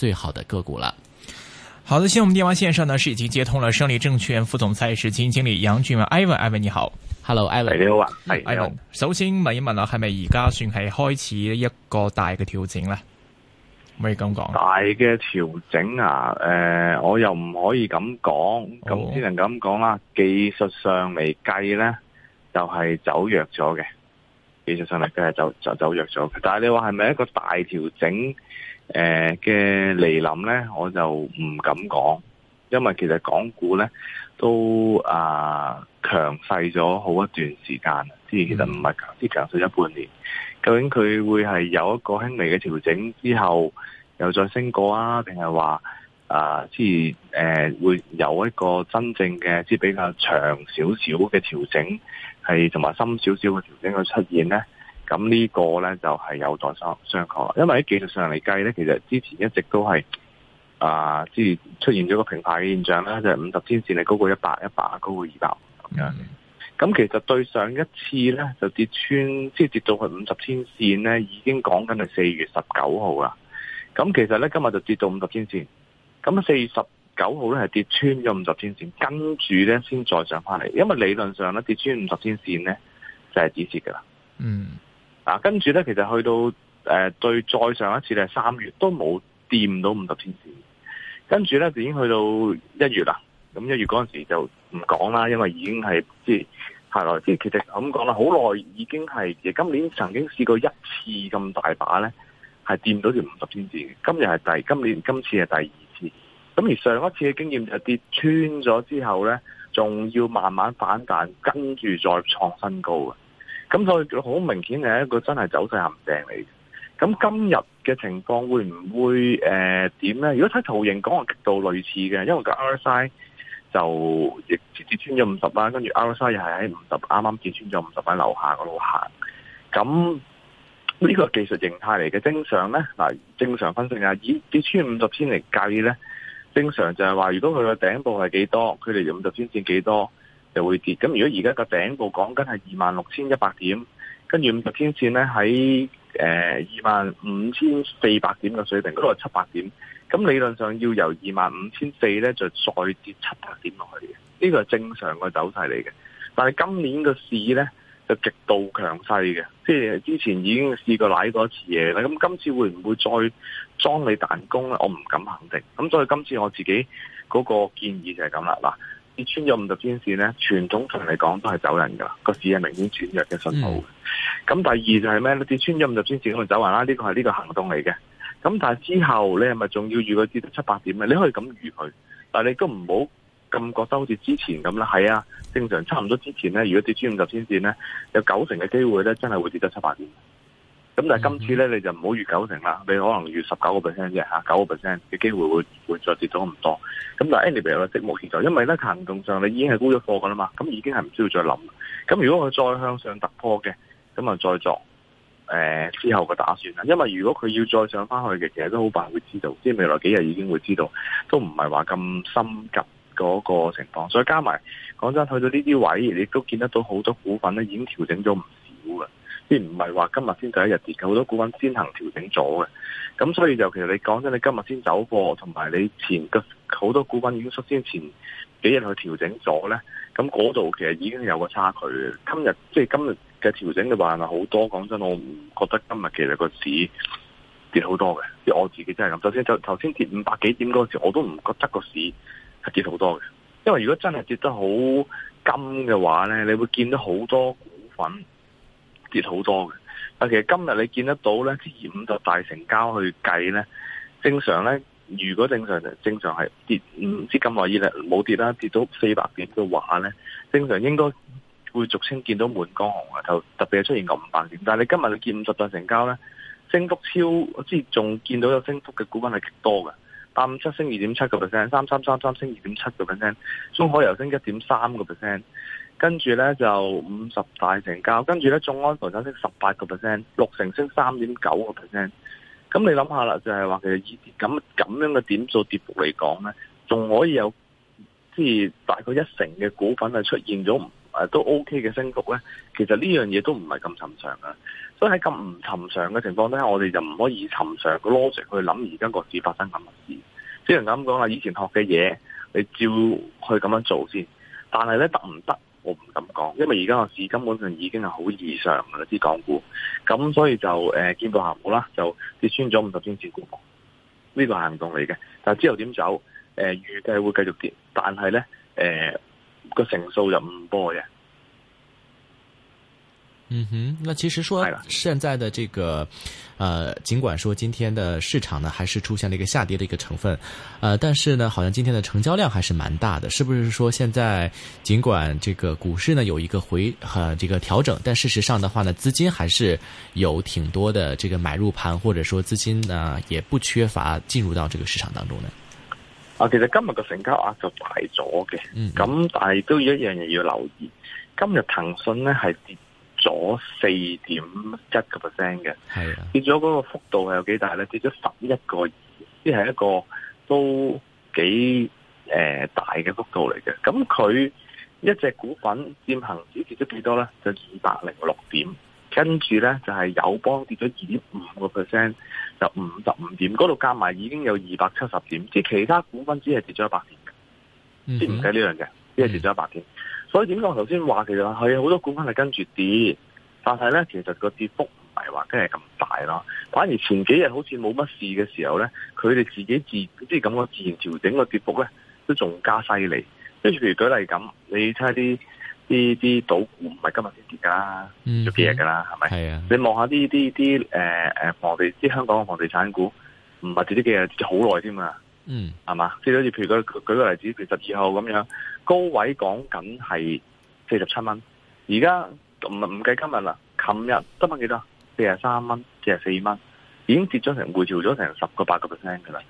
最好的個股了。好的，先我們電話線上呢是已經接通了，勝利證券副總裁、是基金經理楊俊文 Ivan，Ivan 你好，Hello，Ivan，你好。首先問一問下，係咪而家算係開始一個大嘅調整咧？Mm hmm. 可以咁講，大嘅調整啊？誒、呃，我又唔可以咁講，咁只能咁講啦。技術上嚟計咧，就係、是、走弱咗嘅。技術上嚟計係走走走弱咗，但係你話係咪一個大調整？誒嘅嚟臨呢，我就唔敢講，因為其實港股呢都啊，強勢咗好一段時間，即係其實唔係強，即係強勢咗半年。究竟佢會係有一個輕微嘅調整之後，又再升過啊？定係話啊，即係誒會有一個真正嘅即係比較長少少嘅調整，係同埋深少少嘅調整去出現呢？咁呢個呢，就係有待商商榷啦，因為喺技術上嚟計呢，其實之前一直都係啊、呃，之前出現咗個平排嘅現象啦，就係五十天線係高過一百，一百高過二百咁樣。咁、嗯、其實對上一次呢，就跌穿，即係跌到去五十天線呢，已經講緊係四月十九號啦。咁其實呢，今日就跌到五十天線，咁四月十九號呢，係跌穿咗五十天線，跟住呢，先再上返嚟。因為理論上呢，跌穿五十天線呢，就係止蝕噶啦，嗯。嗱、啊，跟住咧，其實去到誒、呃、對再上一次咧，三月都冇掂到五十天線，跟住咧就已經去到一月啦。咁一月嗰陣時就唔講啦，因為已經係即係來，即係其實咁講啦，好耐已經係，其實今年曾經試過一次咁大把咧，係掂到條五十天線。今日係第今年今次係第二次，咁而上一次嘅經驗就跌穿咗之後咧，仲要慢慢反彈，跟住再創新高嘅。咁所以好明顯係一個真係走勢陷阱嚟嘅。咁今日嘅情況會唔會誒點咧？如果睇圖形講話極度類似嘅，因為個 RSI 就亦直接穿咗五十啦，跟住 RSI 又係喺五十啱啱跌穿咗五十喺樓下嗰度行。咁、這、呢個技術形態嚟嘅正常咧，嗱正常分析啊，以跌穿五十天嚟計咧，正常就係話如果佢嘅頂部係幾多，佢哋用五十天線至幾多？就會跌，咁如果而家個頂部講緊係二萬六千一百點，跟住五十天線咧喺誒二萬五千四百點嘅水平，嗰度係七百點，咁理論上要由二萬五千四咧就再跌七百點落去嘅，呢個係正常嘅走勢嚟嘅。但係今年個市咧就極度強勢嘅，即係之前已經試過拉過一次嘢啦，咁今次會唔會再裝你彈弓咧？我唔敢肯定。咁所以今次我自己嗰個建議就係咁啦，嗱。跌穿咗五十天線咧，傳統上嚟講都係走人噶，個市係明顯轉弱嘅信號。咁、嗯、第二就係咩咧？跌穿咗五十天線，咁就走人啦，呢個係呢個行動嚟嘅。咁但係之後你係咪仲要預佢跌到七八點咧？你可以咁預佢，但係你都唔好咁覺得好似之前咁啦。係啊，正常差唔多之前咧，如果跌穿五十天線咧，有九成嘅機會咧，真係會跌到七八點。咁但係今次咧，你就唔好預九成啦，你可能預十九個 percent 啫，吓九個 percent 嘅機會會，會再跌到咁多。咁但 anyway 咧，即目前就因為咧，行動上你已經係沽咗貨噶啦嘛，咁已經係唔需要再諗。咁如果佢再向上突破嘅，咁啊再作誒、呃、之後嘅打算啦。因為如果佢要再上翻去嘅，其實都好快會知道，即係未來幾日已經會知道，都唔係話咁心急嗰個情況。所以加埋講真，去到呢啲位，你都見得到好多股份咧已經調整咗唔少嘅。啲唔係話今日先第一日跌，好多股份先行調整咗嘅，咁所以就其實你講真，你今日先走過，同埋你前個好多股份已經率先前幾日去調整咗咧，咁嗰度其實已經有個差距。今日即係今日嘅調整嘅話，唔係好多。講真，我唔覺得今日其實個市跌好多嘅。即係我自己真係咁。首先，頭先跌五百幾點嗰時，我都唔覺得個市係跌好多嘅。因為如果真係跌得好金嘅話咧，你會見到好多股份，跌好多嘅，但其實今日你見得到咧，即係五十大成交去計咧，正常咧，如果正常就正常係跌唔知咁耐以嚟冇跌啦，跌到四百點嘅話咧，正常應該會俗稱見到滿江紅啊，就特別係出現過五百點，但係你今日你見五十大成交咧，升幅超即係仲見到有升幅嘅股份係極多嘅，八五七升二點七個 percent，三三三三升二點七個 percent，中海油升一點三個 percent。跟住咧就五十大成交，跟住咧中安房升十八個 percent，六成升三點九個 percent。咁、嗯、你諗下啦，就係、是、話其實以咁咁樣嘅點數跌幅嚟講咧，仲可以有即係大概一成嘅股份係出現咗誒都 OK 嘅升幅咧。其實呢樣嘢都唔係咁尋常噶，所以喺咁唔尋常嘅情況咧，我哋就唔可以尋常個 logic 去諗而家個市發生咁嘅事。只能咁講啦，以前學嘅嘢，你照佢咁樣做先。但係咧得唔得？行我唔敢講，因為而家個市根本上已經係好異常嘅，呢啲港股，咁所以就誒、呃、見到下午啦，就跌穿咗五十天線股，呢、這個行動嚟嘅。但之後點走？誒、呃，預計會繼續跌，但係咧，誒個成數就唔多嘅。嗯哼，那其實說現在的這個，呃，儘管說今天的市場呢，還是出現了一個下跌的一個成分，呃，但是呢，好像今天的成交量還是蠻大的，是不是？說現在儘管這個股市呢有一個回，呃，這個調整，但事實上的話呢，資金還是有挺多的這個買入盤，或者說資金呢也不缺乏進入到這個市場當中呢。啊，其實今日個成交額就大咗嘅，咁、嗯、但係都一樣嘢要留意，今日騰訊呢係咗四點一個 percent 嘅，係啊，跌咗嗰個幅度係有幾大咧？跌咗十一個，即係一個都幾誒、呃、大嘅幅度嚟嘅。咁佢一隻股份佔恒指跌咗幾多咧？就二百零六點，跟住咧就係、是、友邦跌咗二點五個 percent，就五十五點，嗰度加埋已經有二百七十點。即係其他股份只係跌咗一百點，即唔計呢樣嘅，只係跌咗一百點。嗯所以點講頭先話其實係好多股份係跟住跌，但係咧其實個跌幅唔係話真係咁大咯，反而前幾日好似冇乜事嘅時候咧，佢哋自己自即係感覺自然調整個跌幅咧都仲加犀利。跟住譬如舉例咁，你睇下啲啲啲賭股唔係今日先跌㗎啦，做、嗯、幾日㗎啦係咪？係啊！你望下啲啲啲誒誒房地啲香港嘅房地產股，唔係跌咗幾日，好耐添啊！嗯，係嘛？即係好似譬如佢舉個例子，譬如十二號咁樣，高位講緊係四十七蚊，而家唔唔計今日啦，琴日今日幾多？四十三蚊，四十四蚊，已經跌咗成回調咗成十個八個 percent 噶啦。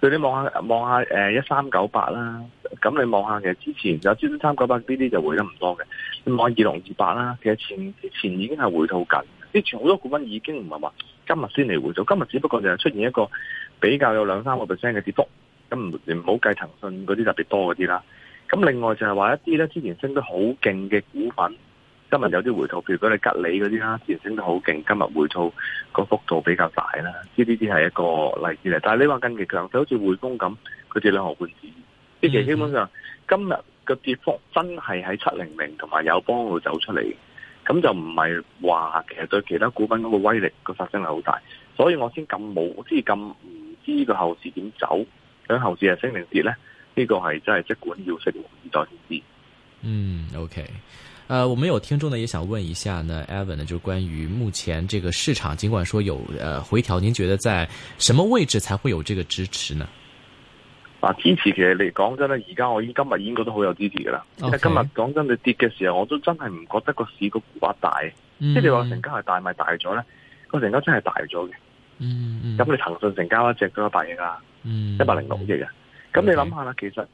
佢你望下望下誒一三九八啦，咁你望下其實之前有知一三九八呢啲就回得唔多嘅。咁望二六二八啦，其實前之前，前已經係回吐緊，之前好多股份已經唔係話今日先嚟回吐，今日只不過就係出現一個比較有兩三個 percent 嘅跌幅。唔唔好計騰訊嗰啲特別多嗰啲啦。咁另外就係話一啲咧之前升得好勁嘅股份，今日有啲回吐。譬如講你吉利嗰啲啦，之前升得好勁，今日回吐個幅度比較大啦。知呢啲係一個例子嚟。但係你話近期強勢，就好似匯豐咁，佢跌兩毫半子，啲嘢基本上今日個跌幅真係喺七零零同埋友邦會走出嚟。咁就唔係話其實對其他股份嗰個威力個殺傷係好大，所以我先咁冇，即係咁唔知個後市點走。等後市係升定跌咧？呢個係真係即管要識再先知。嗯，OK、呃。誒，我們有聽眾呢，也想問一下呢 Ivan 呢，就關於目前這個市場，儘管說有誒、呃、回調，您覺得在什麼位置才會有這個支持呢？啊，支持其實你講真咧，而家我今日已經覺得好有支持噶啦。Okay。因為今日講真的，你跌嘅時候，我都真係唔覺得個市個沽壓大。即係你話成交係大咪大咗咧？個成交真係大咗嘅。嗯，咁、嗯、你騰訊成交一隻都一百億啦，一百零六億嘅，咁、嗯、你諗下啦，okay. 其實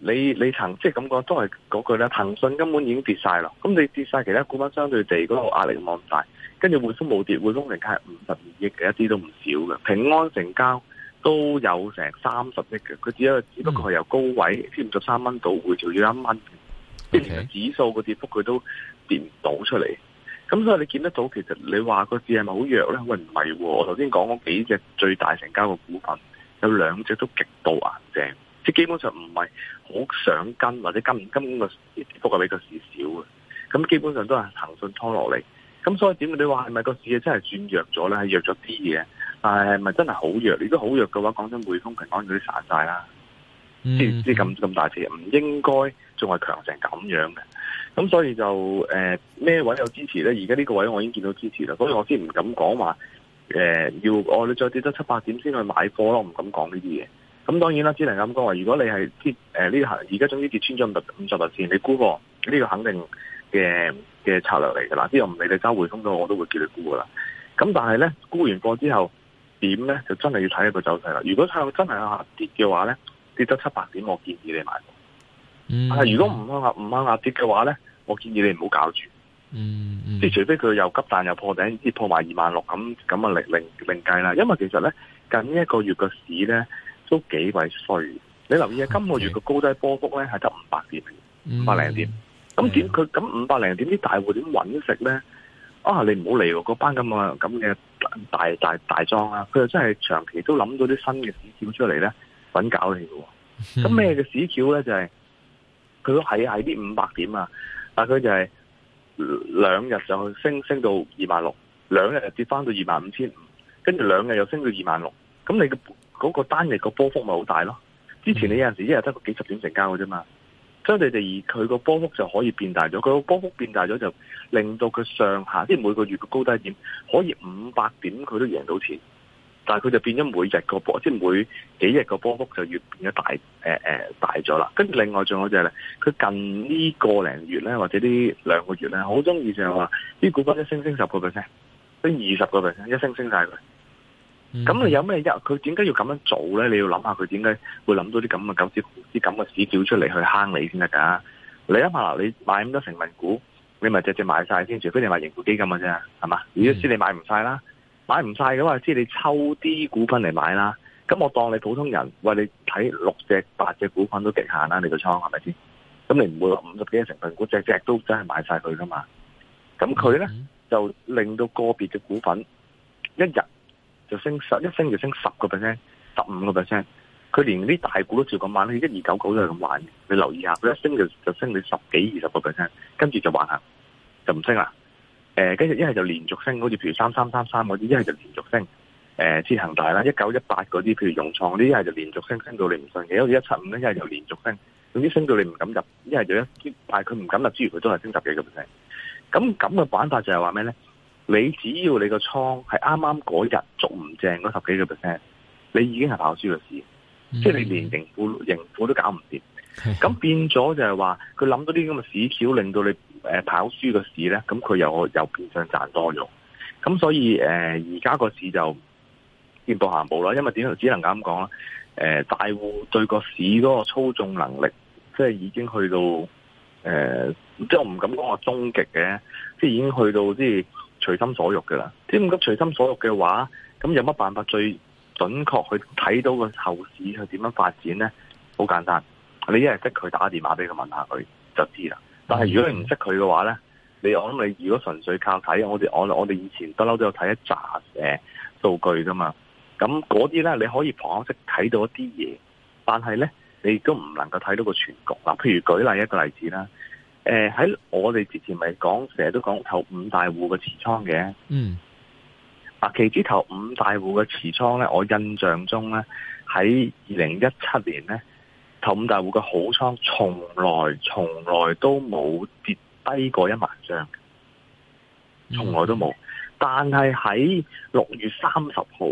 你你騰即係咁講都係嗰句咧，騰訊根本已經跌晒啦，咁你跌晒，其他股份相對地嗰個壓力望大，跟住匯豐冇跌，匯豐成交係五十二億嘅，一啲都唔少嘅，平安成交都有成三十億嘅，佢只係只、嗯、不過係由高位五十三蚊到回調咗一蚊，即係個指數個跌幅佢都跌唔到出嚟。咁所以你見得到其實你話個市係咪好弱咧？喂唔係喎，我頭先講嗰幾隻最大成交嘅股份，有兩隻都極度硬淨，即係基本上唔係好想跟或者跟，根本個跌幅係比較少嘅。咁基本上都係騰訊拖落嚟。咁所以點解你話係咪個市真係轉弱咗咧？係弱咗啲嘢，但係係咪真係好弱？如果好弱嘅話，講真、啊，匯豐、嗯、平安嗰啲散晒啦，即唔知咁咁大隻，唔應該仲係強成咁樣嘅。咁所以就誒咩，呃、位有支持咧？而家呢個位我已經見到支持啦，所以我先唔敢講話誒，要我哋再跌得七八點先去買貨咯，唔敢講呢啲嘢。咁當然啦，只能咁講話。如果你係跌誒呢行，而家總之跌穿咗五十日綫，你沽個呢個肯定嘅嘅策略嚟噶啦之後唔理你交匯通咗，我都會叫你沽噶啦咁但係咧沽完貨之後點咧，就真係要睇一個走勢啦。如果向真係下跌嘅話咧，跌得七八點，我建議你買貨。嗯、如果唔肯下唔肯下跌嘅話咧，我建議你唔好搞住。嗯，即、嗯、係除非佢又急彈又破頂，跌破埋二萬六咁咁啊，另另另計啦。因為其實咧，近呢一個月個市咧都幾鬼衰。你留意下 Okay. 今個月個高低波幅咧係得五百點，五百零點。咁點佢咁五百零點？啲大戶點搵食咧？啊，你唔好嚟喎！嗰班咁啊，咁嘅大大大莊啊，佢又、啊、真係長期都諗到啲新嘅市橋出嚟咧，搵搞你嘅、啊。咁咩嘅市橋咧？就係、是。佢都係喺啲五百點啊，但佢就係兩日就升升到二萬六，兩日就跌翻到二萬五千五，跟住兩日又升到二萬六，咁你嗰個單日個波幅咪好大咯？之前你有陣時一日得個幾十點成交嘅啫嘛，所以你哋而佢個波幅就可以變大咗，佢個波幅變大咗就令到佢上下，即係每個月嘅高低點可以五百點佢都贏到錢。但係佢就變咗每日個波，即係每幾日個波幅就越變咗大，誒、呃、誒大咗啦。跟住另外仲有隻、就、咧、是，佢近個呢個零月咧，或者呢兩個月咧，好中意就係話啲股份一升升十個 percent，升二十個 percent，一升升晒佢。咁、嗯、你有咩一？佢點解要咁樣做咧？你要諗下佢點解會諗到啲咁嘅九支啲咁嘅屎叫出嚟去坑你先得噶？你諗下啦，你買咁多成份股，你咪直接買晒先，除非你話盈富基金嘅啫，係嘛？如果先你買唔晒啦。買唔晒嘅話，即係你抽啲股份嚟買啦。咁我當你普通人，喂，你睇六隻八隻股份都極限啦，你個倉係咪先？咁你唔會話五十幾隻成分股隻隻都真係買晒佢噶嘛？咁佢咧就令到個別嘅股份一日就升十，一升就升十個 percent，十五個 percent。佢連啲大股都照咁玩，佢一二九九都係咁玩。你留意下，佢一升就就升你十幾、二十個 percent，跟住就玩下，就唔升啦。誒，跟住一係就連續升，好似譬如三三三三嗰啲，一係就連續升，誒、呃，似恒大啦，一九一八嗰啲，譬如融創啲，一係就連續升，升到你唔信嘅，好似一七五咧，一係就連續升，總之升到你唔敢入，一係就一，但係佢唔敢入之，之餘佢都係升十幾個 percent，咁咁嘅玩法就係話咩咧？你只要你個倉係啱啱嗰日做唔正嗰十幾個 percent，你已經係跑輸咗市，嗯、即係你連盈富盈富都搞唔掂。咁 變咗就係話佢諗到啲咁嘅市橋，令到你誒跑輸個市咧，咁佢又又變相賺多咗。咁所以誒而家個市就見步行步啦。因為點樣就只能夠咁講啦？誒、呃、大戶對個市嗰個操縱能力，即係已經去到誒、呃，即係我唔敢講話終極嘅，即係已經去到即係隨心所欲噶啦。點解隨心所欲嘅話，咁有乜辦法最準確去睇到個後市係點樣發展咧？好簡單。你一係識佢，打電話俾佢問下佢就知啦。但係如果你唔識佢嘅話咧，你我諗你如果純粹靠睇，我哋我我哋以前不嬲都有睇一紮誒、數據噶嘛。咁嗰啲咧你可以旁邊識睇到一啲嘢，但係咧你亦都唔能夠睇到個全局。嗱，譬如舉例一個例子啦，誒、呃、喺我哋之前咪講成日都講頭五大戶嘅持倉嘅，嗯，啊期指頭五大戶嘅持倉咧，我印象中咧喺二零一七年咧。頭五大戶嘅好倉，從來從來都冇跌低過一萬張，從來都冇。但係喺六月三十號，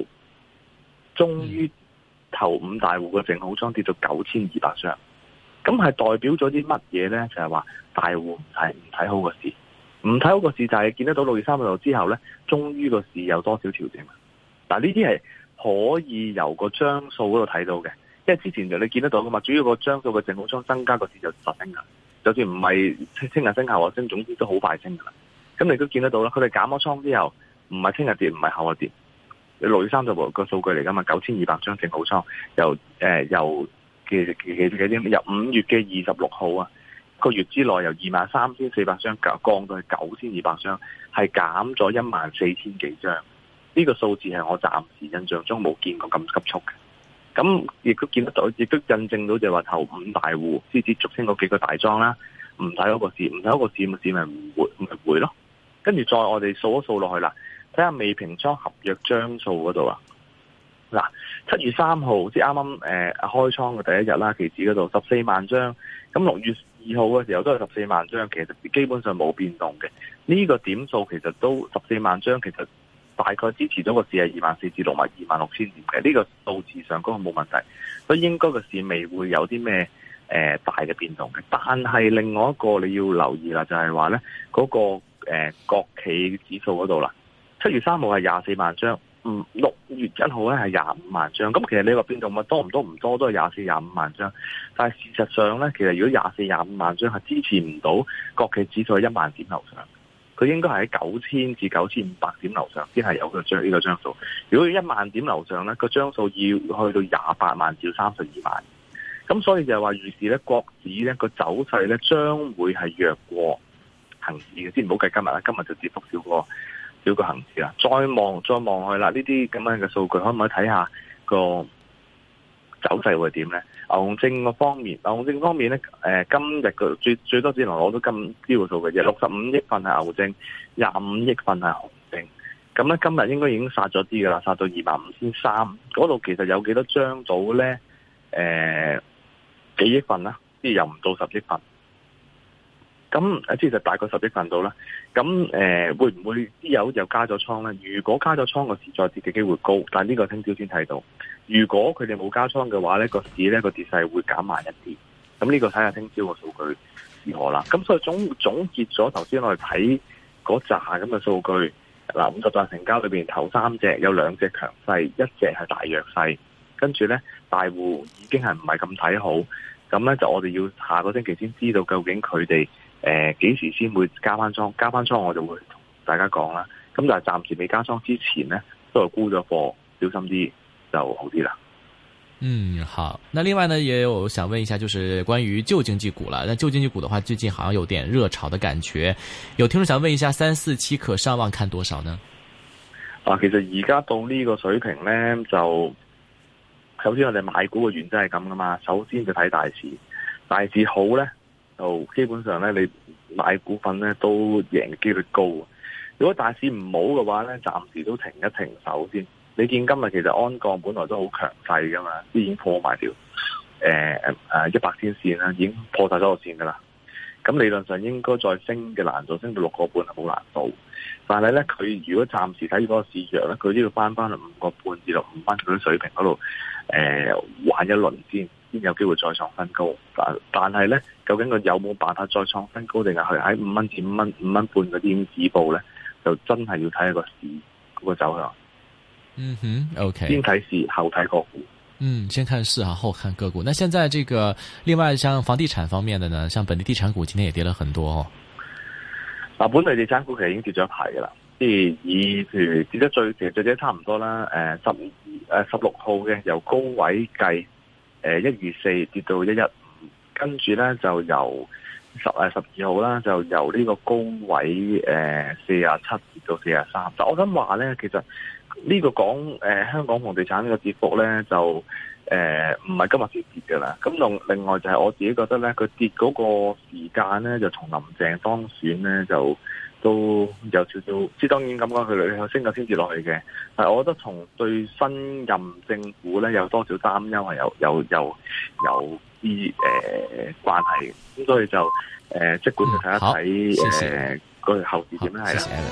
終於頭五大戶嘅正好倉跌到九千二百張，咁係代表咗啲乜嘢呢？就係話大戶係唔睇好個市，唔睇好個市就係見得到六月三十號之後呢，終於個市有多少調整。嗱，呢啲係可以由個張數嗰度睇到嘅。即係之前就你見得到噶嘛，主要個張數嘅淨好倉增加個字就急升噶，就算唔係聽日升後日升，總之都好快升噶啦。咁你都見得到啦，佢哋減咗倉之後，唔係聽日跌，唔係後日跌。六月三十號個數據嚟噶嘛，九千二百張淨好倉，由誒、呃、由嘅幾幾啲由五月嘅二十六號啊，那個月之內由二萬三千四百張降降到九千二百張，係減咗一萬四千幾張。呢、這個數字係我暫時印象中冇見過咁急促嘅。咁亦都見得到，亦都印證到就係話頭五大戶，紛紛逐升嗰幾個大莊啦。唔睇嗰個市，唔睇嗰個市，咪、那個、市民唔會咪會咯。跟住再我哋數一數落去啦，睇下未平倉合約張數嗰度啊。嗱，七月三號即啱啱、呃、開倉嘅第一其實14，日啦，期指嗰度十四萬張。咁六月二號嘅時候都係十四萬張，其實基本上冇變動嘅。呢、這個點數其實都十四萬張，14，張其實。大概支持咗個市係二萬四至六萬二萬六千點嘅，呢、這個數字上講冇問題，所以應該個市未會有啲咩誒大嘅變動嘅。但係另外一個你要留意啦，就係話咧嗰個誒、呃、國企指數嗰度啦，七月三號係廿四萬張，嗯，六月一號咧係廿五萬張，咁其實你個變動咪多唔多唔多都係廿四廿五萬張，但係事實上咧，其實如果廿四廿五萬張係支持唔到國企指數一萬點樓上。佢應該係喺九千至九千五百點樓上先係有佢著呢個張數、這個。如果要一萬點樓上咧，個張數要去到廿八萬至三十二萬。咁所以就係話，預示咧，國指咧個走勢咧將會係弱過恆指嘅。先唔好計今日啦，今日就跌幅少過少過恆指啦。再望再望去啦，呢啲咁樣嘅數據可唔可以睇下個？走勢會點呢？牛證個方面，牛證方面呢，誒、呃、今日個最最多只能攞到咁啲數嘅啫，六十五億份係牛證，廿五億份係熊證。咁呢，今日應該已經殺咗啲嘅啦，殺到二萬五千三。嗰度其實有幾多少張到呢？誒、呃、幾億份啦，即係又唔到十億份。咁啊，即係大概十億份到啦。咁誒、呃，會唔會啲友又加咗倉咧？如果加咗倉個市再跌嘅機會高，但係呢個聽朝先睇到。如果佢哋冇加倉嘅話咧，個市咧個跌勢會減慢一啲。咁呢個睇下聽朝個數據如何啦。咁所以總總結咗頭先我哋睇嗰扎咁嘅數據，嗱，五十大成交裏邊頭三隻有兩隻強勢，一隻係大弱勢，跟住咧大戶已經係唔係咁睇好。咁咧就我哋要下個星期先知道究竟佢哋。誒，幾時先會加翻倉？加翻倉我就會同大家講啦。咁但係暫時未加倉之前呢，都係沽咗貨，小心啲就好啲啦。嗯，好。那另外呢，也有想問一下，就是關於舊經濟股啦。那舊經濟股的話，最近好像有點熱炒的感覺。有聽眾想問一下，三四七可上望看多少呢？啊，其實而家到呢個水平呢，就首先我哋買股嘅原則係咁噶嘛。首先就睇大市，大市好呢。就基本上咧，你買股份咧都贏嘅機率高。如果大市唔好嘅話咧，暫時都停一停手先。你見今日其實安鋼本來都好強勢噶嘛已、呃呃，已經破埋條誒誒一百天線啦，已經破晒咗個線噶啦。咁理論上應該再升嘅難度，升到六個半係冇難度。但係咧，佢如果暫時睇住嗰個市場咧，佢都要翻翻去五個半至到五分嗰水平嗰度誒玩一輪先。先有機會再創新高，但但係咧，究竟佢有冇辦法再創新高，定係喺五蚊至五蚊五蚊半嗰啲止步咧？就真係要睇一個市嗰個走向。嗯哼，OK，先睇市後睇個股。嗯，先看市啊，後看個股。那現在這個另外，像房地產方面的呢，像本地地產股，今天也跌了很多嗱、哦，本地地產股其實已經跌咗一排嘅啦，即係以譬如跌得最，其實最者差唔多啦。誒，十二誒十六號嘅由高位計。誒，一二四跌到一一五，跟住咧就由十誒十二號啦，就由呢個高位誒四十七跌到四十三。但我想話咧，其實呢個講誒、呃、香港房地產呢個跌幅咧，就誒唔係今日先跌嘅啦。咁另另外就係我自己覺得咧，佢跌嗰個時間咧，就從林鄭當選咧就。都有少少，即當當然咁講，佢嚟向升咗先至落去嘅。但係我覺得從對新任政府咧，有多少擔憂係有有有有啲誒、呃、關係。咁所以就誒，即、呃、管去睇一睇誒，嗰個後市點樣係